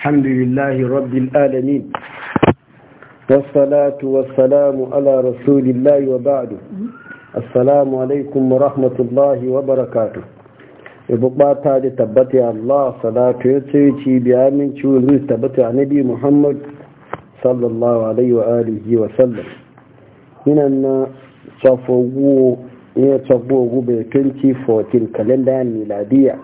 الحمد لله رب العالمين والصلاة والسلام على رسول الله وبعد السلام عليكم ورحمة الله وبركاته ta da tabbata Allah salatu ya ce ci biya min zai tabbata a nabi Muhammad sallallahu alaihi wa alihi wa sallam ina na tsafogu ya tsafogu bai 2014 kalenda miladiya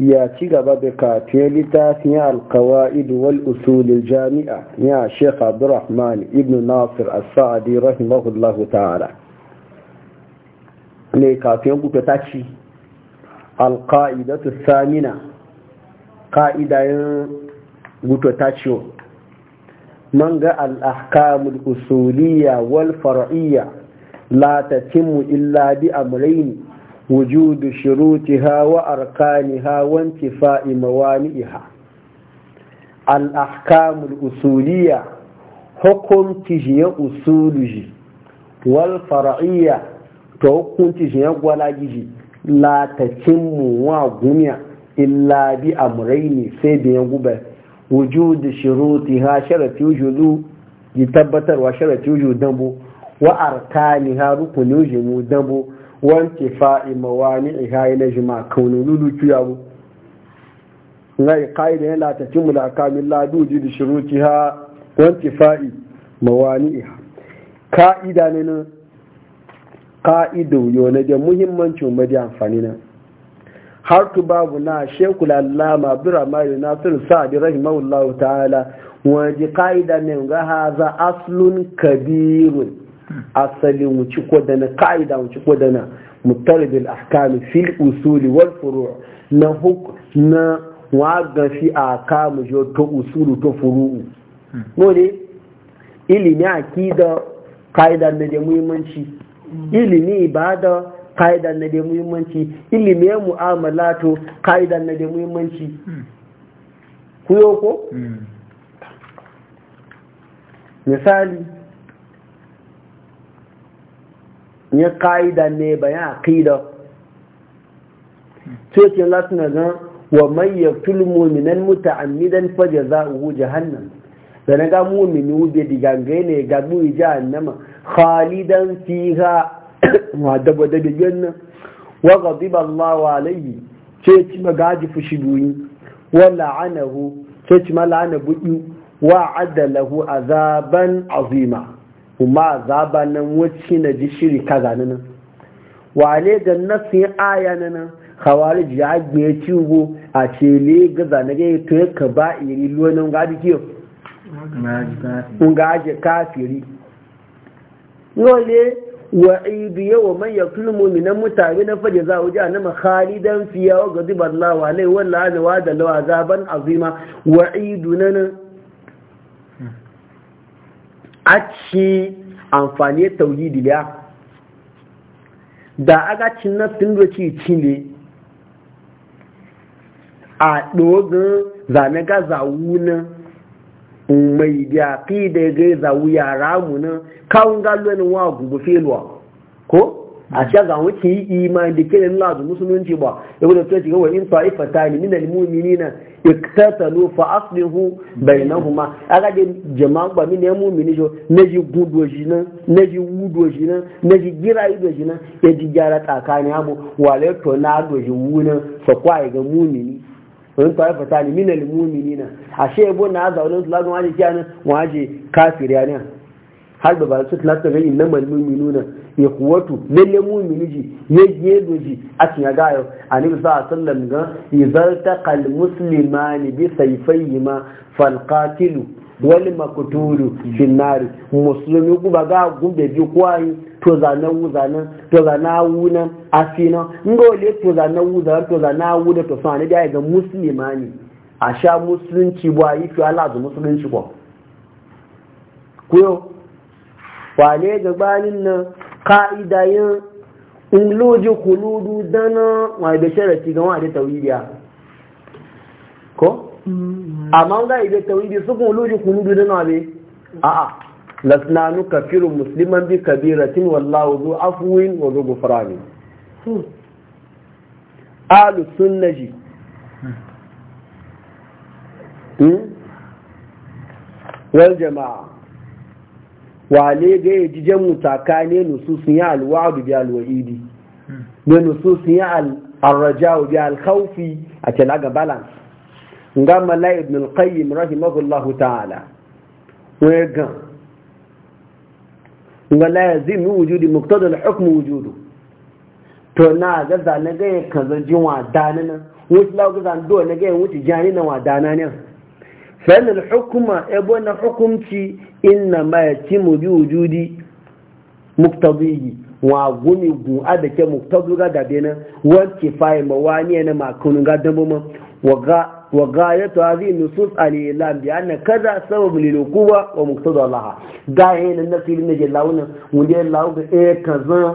ya ci gaba da katiyar littafin alkawa'id wal usulul jami'a ya sheikh abdurrahman ibn nasir as-sa'adi rahimahullahu ta'ala ne kafin kuka ta ci alka'idatu samina ka'idayen guto ta ciwo man ga al'ahkamul usuliyya wal far'iyya la tatimmu illa bi amrayni wujudu shurutiha wa arkaniha wa intifa'i mawani'iha al-ahkamu al-usuliyya hukunci jiya usuluji wal far'iyya to hukunci jiya gwalagiji latakin mu wa gunya illa bi amrayni sai da ya guba wujudu shurutiha sharati wujudu ji tabbatarwa sharati wujudu dambo wa arkaniha rukuni wujudu dambo wanti fa'i mawani ihayi na jima kaunu lulu kiyawo ngai qaida yana ta cimmu da akamin laduji da shiruti ha wanti fa'i mawani iha ka'ida ne na ka'ido yana da muhimmancin madi amfani na har tu babu na shekul allama biramari na sun sa'adi rahimahullahu ta'ala ji ka'ida ne ga haza aslun kabirun asali ko dana ka'ida wuci kodana mutarbil ahkami fil usuli wal furu' na huk na waga fi akamu jo to usulu to furu'u nole ilimi akida ka'ida na da muhimmanci ilimi ibada ka'ida na da muhimmanci ilimi mu'amalato ka'ida na da muhimmanci kuyo ko hmm. misali ya ƙa'ida ne bayan aƙida cikin latin gan wa man yaktul faje za a huje hannun da na ga mu'minu bi digange ne ga mu jahannama khalidan ha wa dabo da biyan wa ghadiba lawa alayhi ce ci magaji fushi buyi wa la'anahu ce ci la'ana buɗi wa adalahu azaban azima kuma zaba nan wacce na ji shiri zane nan wale ga nasin aya nan khawarij ya agbe ciwo a le ga ga to ya ka ba iri luwanin ga dikiyo ga aje kafiri wale wa idu wa man ya kulmu minan mutane na faje za a wuce na don fiya wa gazibar lawa lai wani wa da lawa zaban azima wa idu nan a ci amfani tauhidi ya da aga cin na sun ci ne a ɗogin zane ga zawu nan mai da ƙi da ga zawu yara mu na kawun galo ne wa gugu ko a ce ga wuce yi imani da kiran lazu musulunci ba ya wuce tuwa cikin wani ta'ifa ta ne minal mu'minina iktatalu fa aslihu bainahuma aga de jama'a ba min ya mu'mini jo na ji gudo shi nan na ji wudo shi nan na ji gira ido shi nan ya ji gyara tsakani abu wale to na ado shi wunan fa kwai ga mu'mini wani ta'ifa ta ne minal mu'minina ashe bo na zaune su lagun waje kiyanin waje kafiriya ne har da ba su tilasta ga yin namar muminu na ya kuwatu lalle muminu ji ya yi ji a cin ya gayo a nufi sa a sallam ga kal kalmuslima ne bi saifai ma falkatilu wani makutulu finari musulmi kuma ga gumbe bi kwayi to zanen wuzanen to zanen wunan afinan nga wale to zanen wuzanen to zanen wunan to sani da ya ga musulma ne a sha musulunci ba yi fi ala musulunci ba kuyo wane gabanin nan ka'idayen uluji kuludu dana wa da sharafi ga wani tawiliya ko mm-hmm. amma ga ibe tawili su kun uluji kuludu dana wa be a'a lasnanu kafirun musulman bi kabiratin wallahu zu afwin wa zu ghufrani hmm. ahlus sunnati hmm. hmm? wal jama'a wale ga ya ji jan mutaka ne nususun ya alwadu bi alwa'idi ne hmm. nususun ya arraja'u bi alkhawfi a talaga balance nga malai ibn alqayyim qayyim rahimahullah ta'ala wa ga nga la yazim wujudi muqtada alhukm wujudu to na ga za na ga kan zan jin wa danana wuce la ga zan do na ga wuce jani na wa danana fa al-hukma ebo na hukumci inna ma ya ci mu bi wujudi muktadihi wa gumi gu a da ke muktadu ga dabe na wanke fayi ma wani na makonin ga dabo ma wa ga ya to hazi nusus alilam bi anna kaza sabab lil uquba wa muqtada laha ga yi na filin da lawuna wunde lawu ga e kaza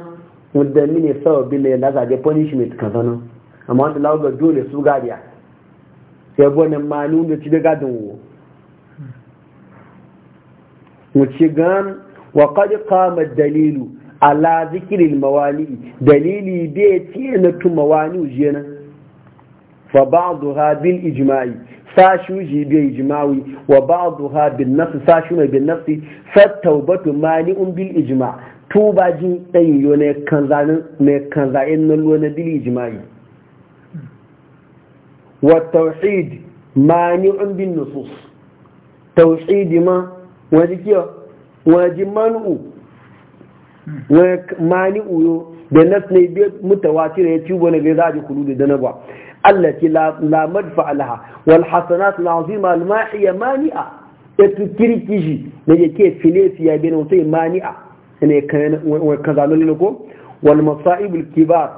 wanda ne sabab ne na ga punishment kaza na amma wanda lawu ga dole su gariya sai gwanin ma nuna ci da gadin wo wuce gan wa qad qama dalilu ala zikirin mawani dalili bai tiye na tu mawani ujena fa ba duha bil ijimai, sashu ji bai ijma'i wa ba duha bin nafs sashu mai bin nafsi fa tawbatu mani'un bil ijma' tuba ji dan yo ne kanzanin ne kanzain nan lo na bil ijimai. wa mani mani'un bin nusus tauhid ma wọ́n kí ọ wọ́n jí mánú da nas ne bi ya tubo ne zai zaji kudu da dana ba Allah ki la madfa alaha wal hasanat al azima al mahiya mani'a ya tu kirkiji ne yake filefi ya bi ne mutai mani'a ne kan wani kazalolin ko wal masa'ib al kibar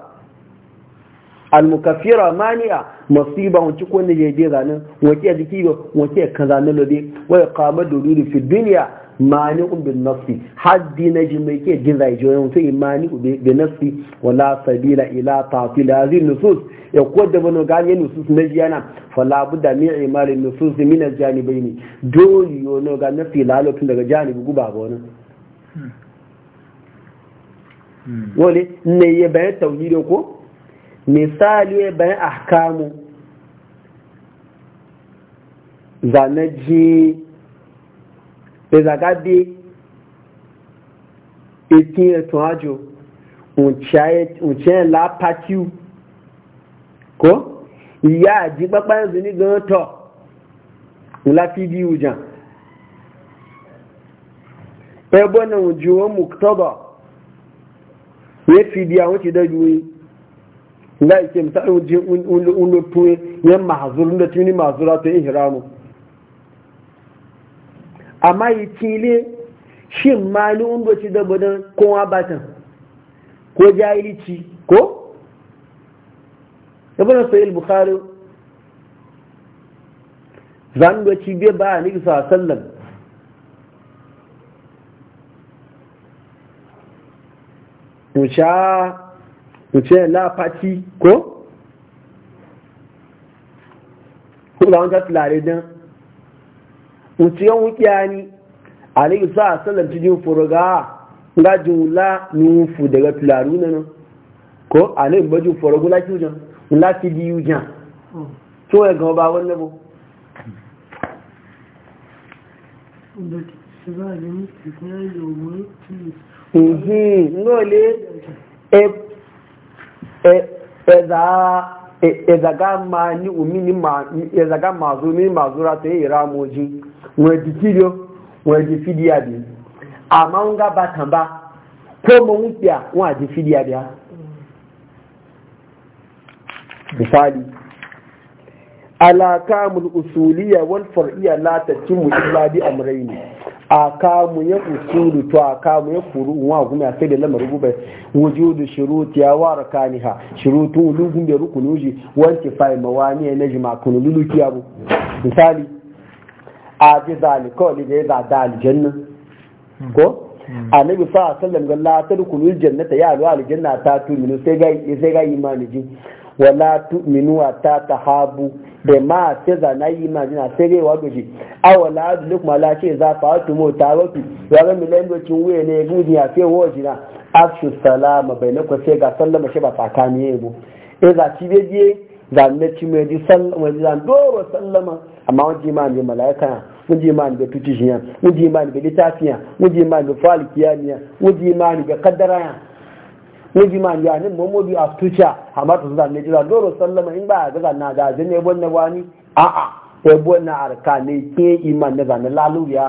almukafira mani'a masiba wanci ko ne je zanin wace jiki ba wace kaza na lobe wai qama dudu fi mani mani'un bin nafsi haddi na jimai ke jin zai joyon to imani bin nafsi wala sabila ila tafi da hadhihi nusus ya ko da bano ganye nusus na jiyana fala budda min imali nusus min aljanibaini dole yo no ga nafsi lalotun daga janibi guba ba wannan hmm. wale hmm. ne ya bayan tauhidi ko misali bayan ahkamu zanaji ezagabe etin etun ajo unchayen la patiu ko iya aji papa yanzu ni gan to la fi bi ujan ebo na ujuwo muktoba ye fi bi awon ti doju la yake misali ulo tuwe yan mahazuru nda tuni mahazura e ta yi hiramu amma yi cile shi mali undoci da budan kowa batan ko jahilici ko? ibn sa'il bukhari zan doci bai ba ni sa sallan to sha ce lafati ko? kula wani tattalare don wuciyan wukiya ni alayhi sa sallam cikin furuga ga jula nufu daga tularu na nan ko alayhi bajin furugu laki wujan laki biyu wujan to hmm. ya gaba ba wani bu Mhm, ngole, e- E, ezaga e, mani umini ma ezaga mazu mini mazura to ira e moji we dikirio we di nga batamba ko mo mupia wa di fidia bia misali alakamul usuliyya wal far'iyya la tatimu illa bi amrayni a kamu ya usulu to a kamu ya furu wa gumi a sai da lamar gube wujudu shuruti ya wa rakaniha shurutu lugun da rukunuji wanke fai mawani ya naji makonu luluki abu misali a ji zalikoli da ya zada aljanna ko hmm. annabi sa sallam ga la tadkhulul jannata ya alwa aljanna ta tu min sai ga sai ga imani ji wala tu'minu wa ta tahabu da ma ce za na yi ma jina sai dai wato shi a wala duk mala ce za fa wato mu ta wato ya ga milan da cin wuya ne gudi ya sai wo jina afshu salama bai na sai ga sallama shi ba tsakani ne bu eh za ci je za ne ci mai ji sallama za doro sallama amma wajen ma ne malaika mun ji imani da tuci shi ya mun ji imani da littafiya mun ji imani da falkiya ne mun ji imani da kaddara neji ma ya ne momo bi astucha amma to zan ne jira doro sallama in ba a ga na da jin ne bonna wani a a e bonna arka ne ke iman ne zan lalu ya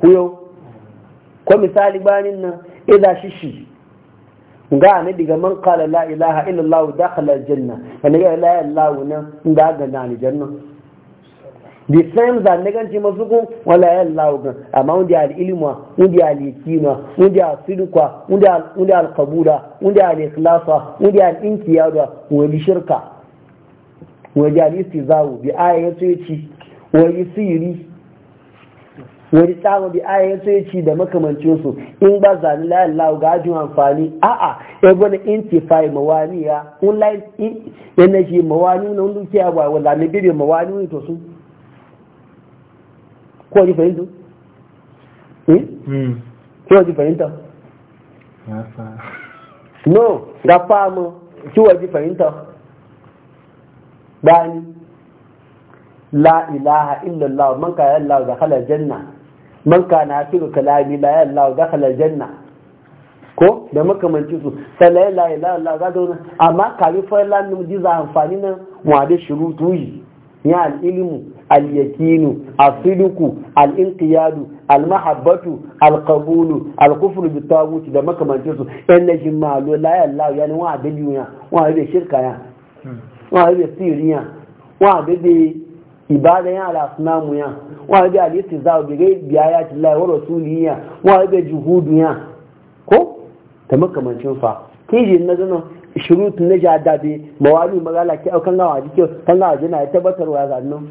kuyo ko misali banin nan idza shishi ga ne diga man qala la ilaha illallah dakhala ne wa la ilaha illallah nan da ga na aljanna the same that negan ce masu kun wala yan Allah ga amma wanda al ilma wanda al yakina wanda al sidqa wanda wanda al qabula wanda al ikhlasa wanda al inqiyada wali shirka wali al istizau bi ayatu ci wani siri wani tsawo bi aya ya ya ci da makamancin su in ba zane la Allah ga ajin amfani a'a e gona intifai mawaniya in na shi mawani na wanda ke abuwa wala ne bebe mawani to su Kowa ji fahimta hmm? Hmm. ko ji fahimta no ga famu kiwa ji fahimta bani la ilaha illallah man kana Allah dakhala janna man kana akiru kalami la Allah dakhala janna ko da makamanci su sai la ilaha illallah ga dona amma kalifa lan mu ji za amfani na mu shiru shurutu ya al'ilmu al-yakinu asiduku al-inqiyadu al-mahabbatu al-qabulu al-kufru bi taguti da makamanci su yan na shi malo la ya Allah ya ni wa da duniya wa da shirka ya wa da siriya wa da ibada ya ala sunamu ya wa da alisi za bi gai biya ti Allah wa rasuliya wa da juhudu ya ko da makamancin fa kiji na zanan shirutu na jada ba wani magala ke aukan gawa jike kan gawa jina ya tabbatarwa zannan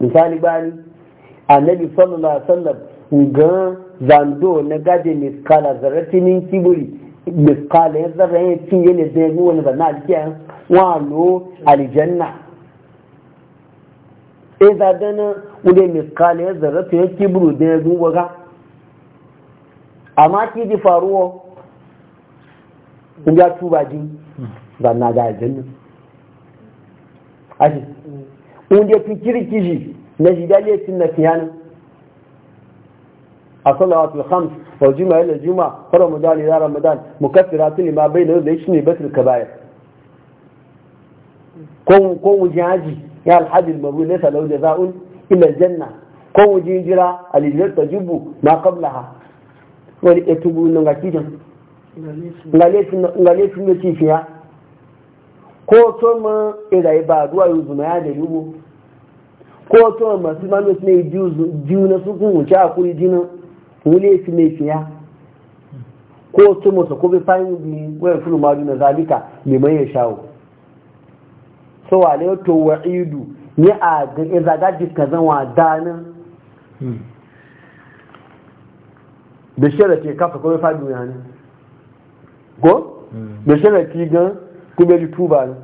misali bani annabi sallallahu alaihi wasallam ga zando na gaje miskala zaratinin kiburi miskala ya zarra ya ci yana zai wani zanna alkiya wano aljanna e zadana wani miskala ya zarra ya kiburu da ya zuwa ga amma ki ji faruwa nga tuba ji ba na ga jin aji unde ki kiri kiji na ji dale tin na kiyan الصلوات الخمس والجمعة إلى الجمعة رمضان إلى رمضان مكفرات لما بينه ليش بس الكبائر كون كون جاجي يا الحج المبرور ليس ngale sun da cifiya ko to ma irai ba duwa yanzu ma ya da rubo ko to ma su ma mutu ne jiyu na su kun wuce a kuri jinin wule fi mai fiya ko to ma su ko bi fayin bi wayar fulu ma na zalika mai ya shawo so wa ne to wa idu ni a ga izaga e jika zan wa danin da hmm. shirar ce kafa ko bi fayin duniya ne ko da sharafi gan kuma ji tuba ne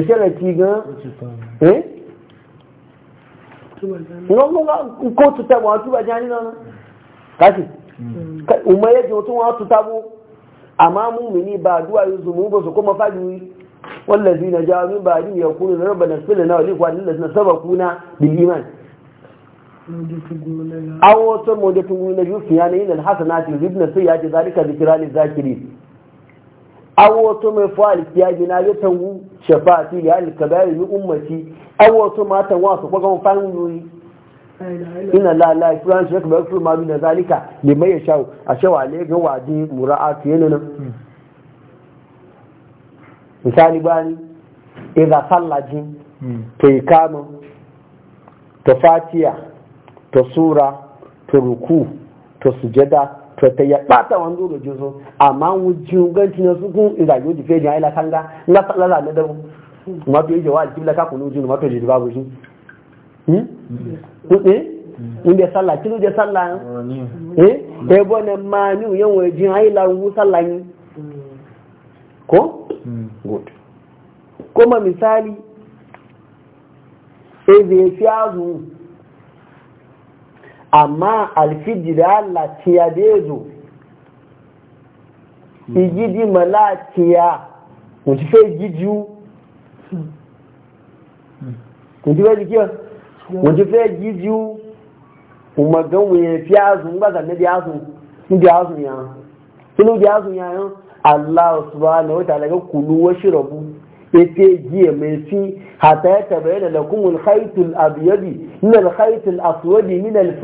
da sharafi gan eh wọ́n kó tuta wọ́n tuba jẹ́ nínú ọ̀nà káàkiri umar yẹ́ jẹ́ tó wọ́n tuta bó àmá mú mi ní bá àdúwà yóò zùmú bó sọ kó kuma fájú yìí wọ́n lè zina jáwọ́ mi bá na yóò kúrò lọ́rọ̀ bẹ̀rẹ̀ sílẹ̀ náà lè kwà nílẹ̀ sọ́bà iman an wasu mojatun guna yusuf ya nayi nan hasana ce zibna sai ya ce zalika zikira ne zakiri an wasu mai fa'al ya gina ya tangu shafa'ati ya alkabari ni ummati an wasu matan wasu kwakwan fahimtar yuri ina la la kuran shi kuma kuma ma bin zalika da mai shawo, a shawa ne ga wadi mura'atu yana nan misali bani idza sallaji to hmm. ikama ta fatiha to sura to ruku to sujada to ta ya bata wanzo da jizo amma wujin ganci na sukun in ga yodi fe jai la kanga na ta la na da ma to yi jawabi kibla ka kunu jin ma to jidi babu shi hmm, hmm? eh inda sallah kinu je sallah eh e eh? eh? eh, bona ma ni yan wajin ai la wu sallah ni ko hmm. good kuma misali sai zai fi azu amma alfijir Allah tiya bezo igidi mala tiya wọ́n fẹ́ gidi ú wọ́n ti fẹ́ gidi ú wọ́n ti fẹ́ gidi ú umargan wuyen fi azun gbazan na biyazun ndi azun yana Allah subhanahu wa ta'ala ga kulu wa shirabu yake jiya mai fi hata ya tabayyana da al-khaytul abyadi min al aswadi min al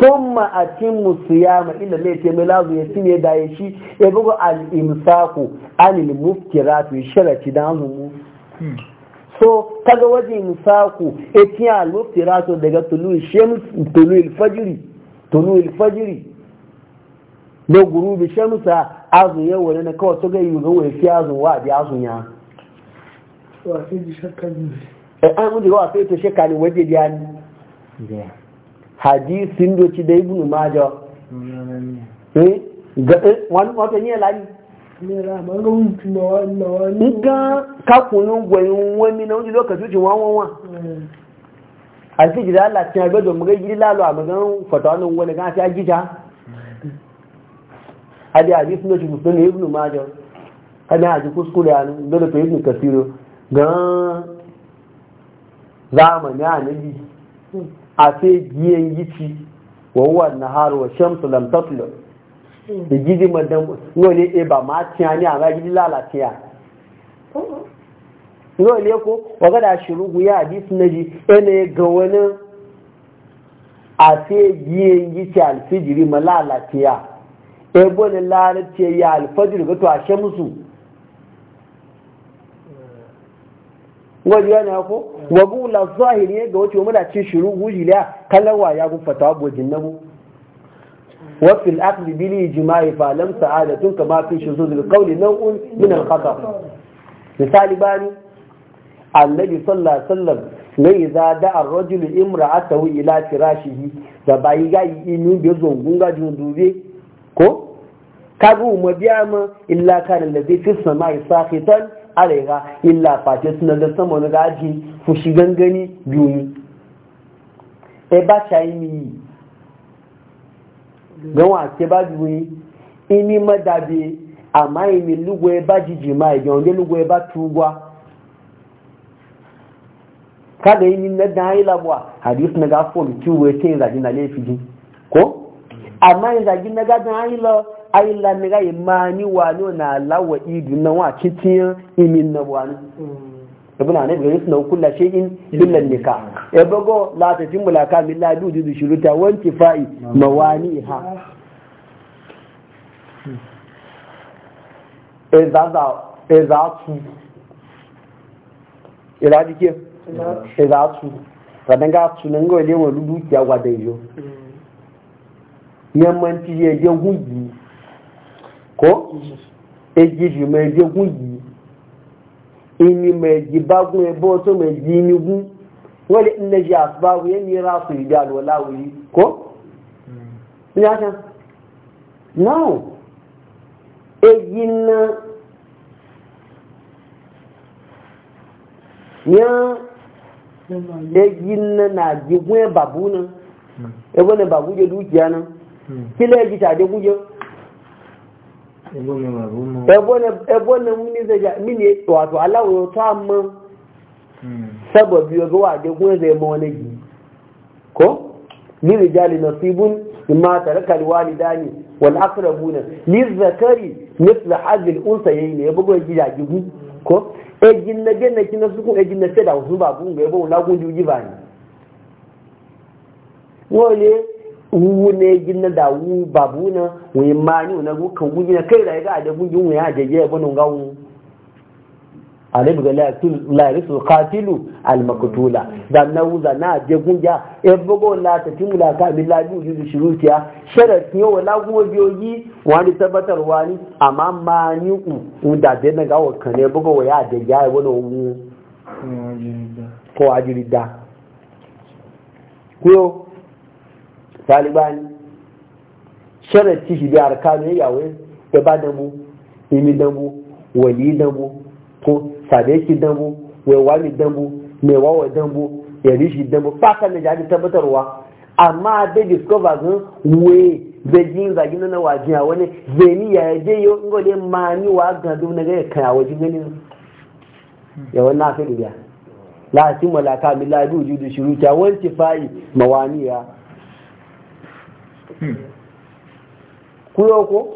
thumma atimmu siyama illa ne yake mai ya tine da ya shi ya bugu al-imsaku mufkirat mufkiratu sharati da mu hmm. so kaga waje imsaku etiya al mufkirat daga tulu shams tulu al-fajr tulu al-fajr na gurubi shamsa azu yawa kawai to ga yi ga wai fi azu wa bi azu ya Eh, an mun diga wasu ito shekani waje biya ni hadisin doci da ibnu majo eh, eh, wato ni alani ga kakunu gwayin wani na wani lokacin cin wawan wa a fi jira latin abin da muka gidi lalo a magan fatawanin wani gan fi agita mm. hadi hadisin doci musulun ibnu majo kada hadi kuskure a dole to ibnu kasiro Ga zamani anabi a sai giyan gici na nahar wa shamsu lam da gidi madan ngole e ba ma tiya ni aga gidi lalatiya ngole ko waga da shirugu ya hadis naji ene ga wani a sai giyan gici alfijiri ma lalatiya e bone lalatiya ya alfajiri ga to a shamsu wani yana ko wagu la zahiri ga wato muna cin shiru gujiliya kalawa ya gufa ta wajen nabu wa fil aqli jima'i falon Sa'ada, tun ka ma fi zo bil qawli nan un minan kasa misali bani annabi sallallahu alaihi wasallam ne idza da'a ar-rajul imra'atahu ila firashihi da bayi gayi inu be zongun gaji dube ko kagu mu biya ma illa kana allazi fi samai sakhitan arega illa face suna da sama na gaji fushi gangani biyu e ba shayi mi gan wake ba biyu ini madabe amma imi lugu e ba jiji ma ege onde lugu e ba tugwa kada yi na da hayi labuwa hadis na ga fom kiwo ya ce yin zagi na laifi ko amma yin zagi na ga da hayi labuwa ai lamira imani wano na lawa idu na wa kitiyan imin na wani ibn mm. anabi gari suna kulla shay'in illa nika e bago la ta tin mulaka min la du du shuruta wanti fa'i wani ha mm. e zaza e zatu ila dike e zatu kadan ga tunan ga lewa dukiya gwada yo yammanci je je huji ko eji ju ma eji ogun yi ini ma eji bagun ebe oto ma eji wọ́n lè ní ẹjì àtúbáwò yẹ́ ní ráàpù ìdí àlùwọ̀láwò yìí kó ní àṣà náà èyí na yán èyí na nàgbégún ẹ̀ bàbú na ẹgbẹ́ ni bàbú jẹ́ dúkìá na kí lẹ́ẹ̀jì tàdégún jẹ́ ebona muni zai ja mini wato alawo yau ta amma sababi ya zuwa da kuma zai ma wani gi ko ni rijali nasibun imma taraka walidani wal aqrabuna li zakari mithla hadhi al unsayayn ya bugo gida gigu ko e ginna ginna kina suku e ginna sai da wasu babu ga yabo na gunju gibani wole wu ne gina da wu babu na wuyi mani na gu kan gu gina kai da ga da gu gin wuyi a jeje ya bunu gawu alayhi ga la yasul qatilu al maqtula da na wu da na je gu ja e bogo la ta timula ka biyu yuzu shurutiya sharat ne wala gu biyoyi wani tabbatar wani amma mani ku da da na gawo kan ne bogo wuyi a jeje ya bunu wu ko ajirida ko talibani sharati shi bi arkanu yawe da ba dambu imi dambu wali ko sadeki dambu wai wani dambu mai wawa dambu ya rishi dambu fatan da jadi tabbatarwa amma da discover zan we da na wajiya wani zeni ya je yo ngole mani wa gado na ga kaya wajin ganin ya wannan afi da la simma la kamila bi wujudu shuruta wanti fa'i mawaniya Kuyoko,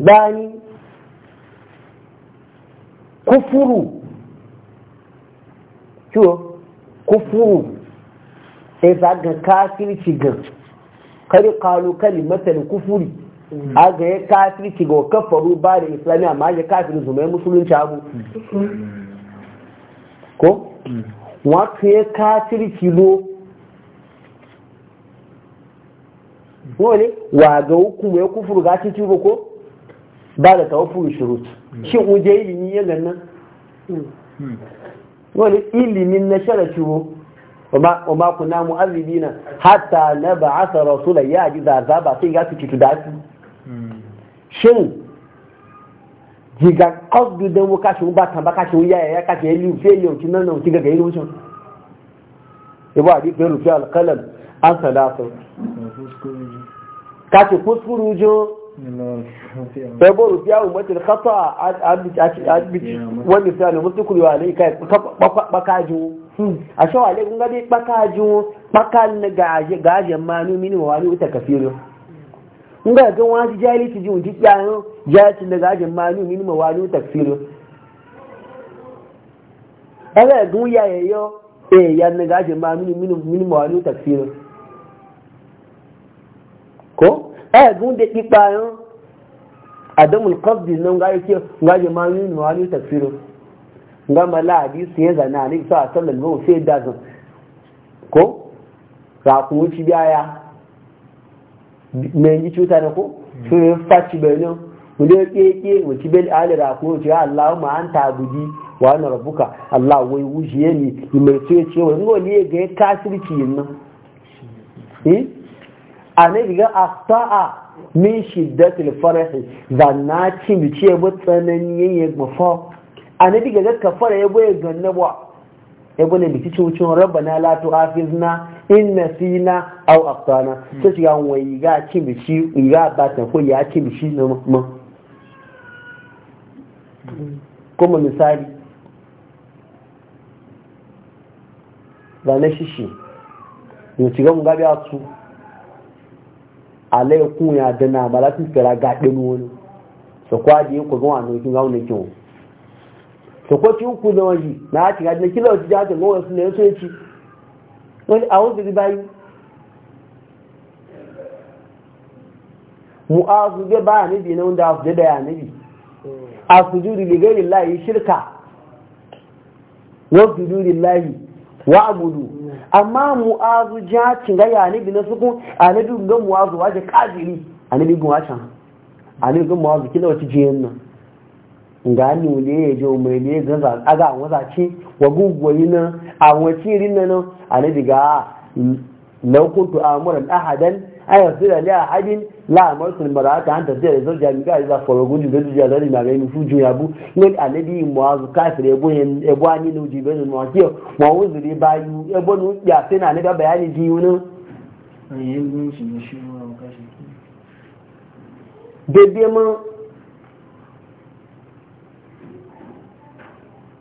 bani kufuru ciwo kufuru sai ga kafirci ga kari kalu kalimatar kufuri a ga ya kafirci ga kafaru ba da islamiyya ma ya kafirin zuma ya musulunci abu mm. ko wato ya kafirci lo wani wa ga hukumu ya kufuru ga ci tuba ko ba da tawafuru shurut shin hmm. uje ilimi ya gannan hmm. hmm. wani ilimin na shara ciwo wa ma kuna mu'azzibina hatta na ba a ba'asa rasula ya ji zaza ba sai ga su cutu da su shin jiga qasdu da mu kashi ba tan ba kashi ya ya kashi ya liu fe yau kin nan kin ga gairi mutum ibo adi fi rufi alqalam an salatu kati kuskuru jo saboru biya umatul khata wani sai ne mutu kuri wale kai bakaju hmm. a shawa le kun gade bakaju bakan gaje gaje manu mini wani uta kafiru kun ga gan wani jali ti ji unti yayin jali da gaje manu mini wani uta kafiru ala gun yayeyo eh yan gaje manu mini mini wani uta kafiru ko eh gun da ipa yan adamul qasdi nan ga yake ga je ma ni ma ni tafsiro ga mala hadisi ya zana ni sa sallallahu alaihi sai da zan ko za ku wuci biya me yi cuta ne ko sai faci bayanan mu da keke mu ci bel alira ko ci Allahumma anta buji wa ana rabbuka Allah wai wujiye ni mai ce ce wai ngoli ga kasirci yin nan eh hmm? annabi ga asa'a min shiddatil farahi zanna ci bi ce bu tsanani yayin mafa annabi ga ka fara ya boye ganna ba ya bane bi ci na rabbana la tu'afizna in nasina aw akhtana to hmm. shiga wai ga ci bi ci ga ba ta ko ya ci bi ci na ma kuma misali na shishi mu ci ga mu gabi a su alaikun ya dana ba za su fira gaɗin wani su kwaji yin kugan wa nokin gawon na na haka gaji na kila wajen jihar gawon wasu na ci wani a wasu riba mu'azu bai ba na wanda asu da a su juri layi shirka wasu juri layi wa amma mu'azu jacin ga ya ne bina sukun anabi ga mu'azu waje kafiri anabi ga wacan anabi ga mu'azu kila wata jiyan nan ga ni wule ya je mai ne ga za a ga waza ce wa gugwayi nan a wace rin nan anabi ga law kuntu amuran ahadan an yasu da liya hadin la'amarsu ne mara haka hanta zai zai jami ga za fara gudu da zuciya zari na gani fuju ya bu ne mu muwazu kafir ebo ani na ujibe ne mawa kiyo ma wuzuri bayu ebo ni ya sai na naga bayani biyu ne. bebe ma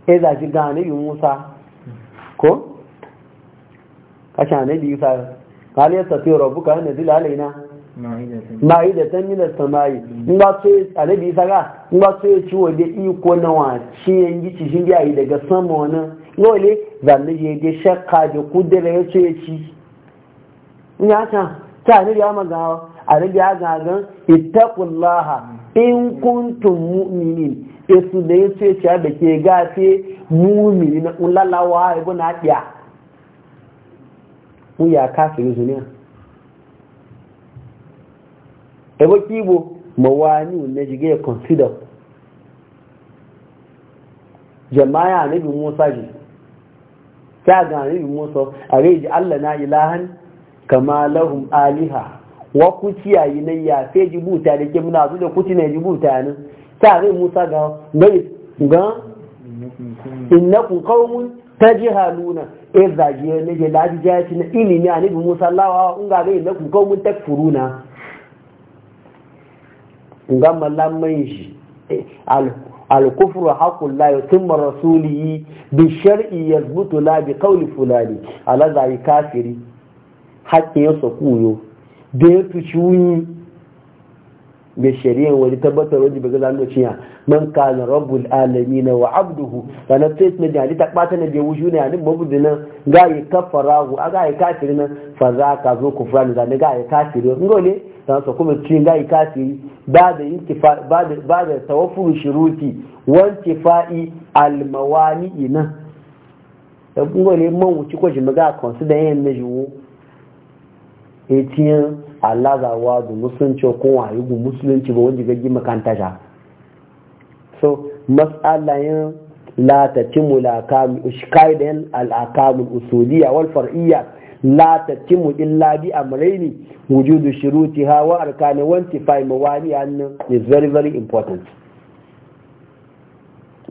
ya zaci ga anabi musa ko? kashe anabi musa hal ya tafi buka an nazila alaina ma'idatan min as-samai alabi saga in ba so ci wode iko na wa ci yi ci shin biya daga sama wannan lole zanne je shakka da kudura ya ce ci ya ta ta ne ya maga alabi ya ga gan in mu'minin esu da ya ci gafe mu'minin mu ya kafiri zuniya ebo kibo mawani na jige consider jama'a nabi musa ji ta ga bi musa a ji allah na ilahan kama lahum aliha wa ku ciyayi nan ya sai jibuta da ke muna zuwa kuti na jibuta nan ta rai musa ga ga innakum qaumun ta ji haluna e zagiye ne je laji jaya ci na ilimi a nufin musa lawa in ga zai na kuka mun ta furuna ga malamai shi e, alkufru haƙun la ya tumma rasuliyi bi shar'i ya zubutu la bi kauli fulani ala zai kafiri haƙƙin ya sakuyo da ya tuci wuyi da shari'a wani tabbatar wani bai gaza lokaci ya man kana rabbul alamin wa abduhu kana sai ne da ta bata na da wuju ne anin babu dinan ga yi kafarahu a ga yi kafiri na fa za ka zo kufran da ga yi kafiri ngole dan so kuma cin ga yi kafiri ba da intifa ba da ba da tawaffur shuruti wa intifai al mawani ngole man wuci ko shi maga consider yan ne etiyan Allah za wa da musulunci ko wa yi musulunci ba wanda gaggi makanta sha so mas'alayin la tatimu al-akam ushkaidan al-akam al-usuliyya wal far'iyya la tatimu illa bi amrayni wujudu shurutiha wa arkani wa intifai mawani an is very very important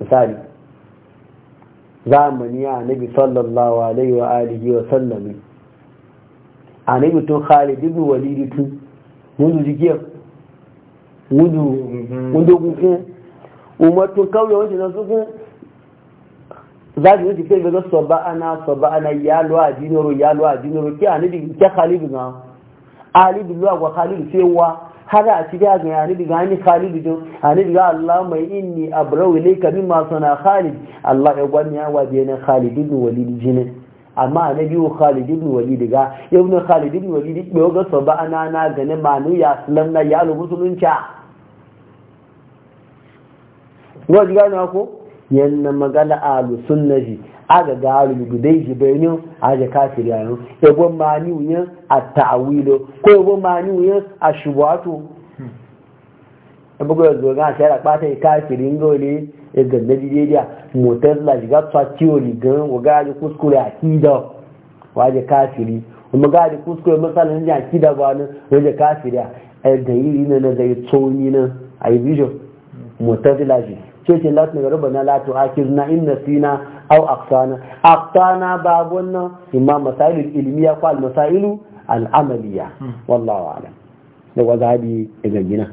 misali zamani ya nabi sallallahu alaihi wa alihi wa sallam a na mutum khalid ibn walid tu mundu jikiya mundu mhm. mundu kuku umatun kauye wajen na suku za su yi kai daga soba ana soba ana yalo a dinoro yalo a dinoro ki a nabi ke khalid na alidu luwa ga khalid sai wa har a cikin hakan ya nabi ga ni khalid din a nabi ga allah mai inni abrau ilayka mimma sana khalid allah ya gwani ya waje na khalid ibn jinin amma na biyu Khalid ibn Walid ga ibn Khalid ibn Walid ko ga so ba ana na gane manu ya islam na ya musulunci wa ji gane ko yanna magana alu sunnati aga ga alu gudai jibainu aje kafir yanu ego mani uyan atawilo tawilo ko ego mani uyan ashubatu ebo hmm. zo ga shara pata kafirin gole ya ganda nigeria motar la shiga tsa teori gan waga da kuskure a kida waje kafiri kuma da kuskure misalin a kida ba ne waje kafiri a ga iri ne na zai tsoni na a yi vision motar la shi ce ce lati na garba na lati akir na inna sina au aksana aksana ba wannan imma masailul ilmiya ko al masailu al'amaliya amaliya hmm. wallahu alam da wazabi ga gina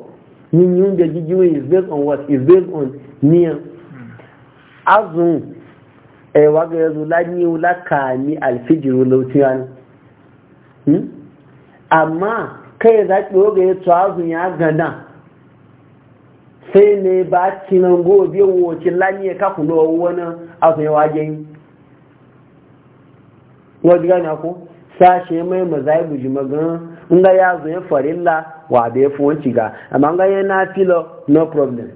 yin yun da gigiyoyi is based on what is based on niyan azun ẹwà e ga yanzu lani wulaka ni alfijiru lautiyan hmm? amma kai za ki oga ya azun ya gana sai ne ba cinan gobe wocin lani ya kakuna wani azun ya wajen diga na ko sashe mai mazaibu jimagan nga ya zo ya farilla wa da ya fi wanci ga nga ya na filo no problem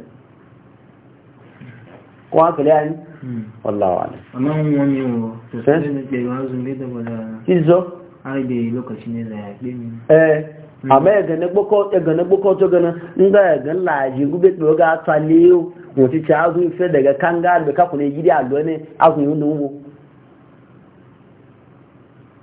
ko haka anyị yani hmm. wallahi wala amma wani wo to sai eh? ne ke wa zo ne da wala izo ai be lokaci ne ya eh gane gboko gane gboko to gane gane gube to ga kanga gidi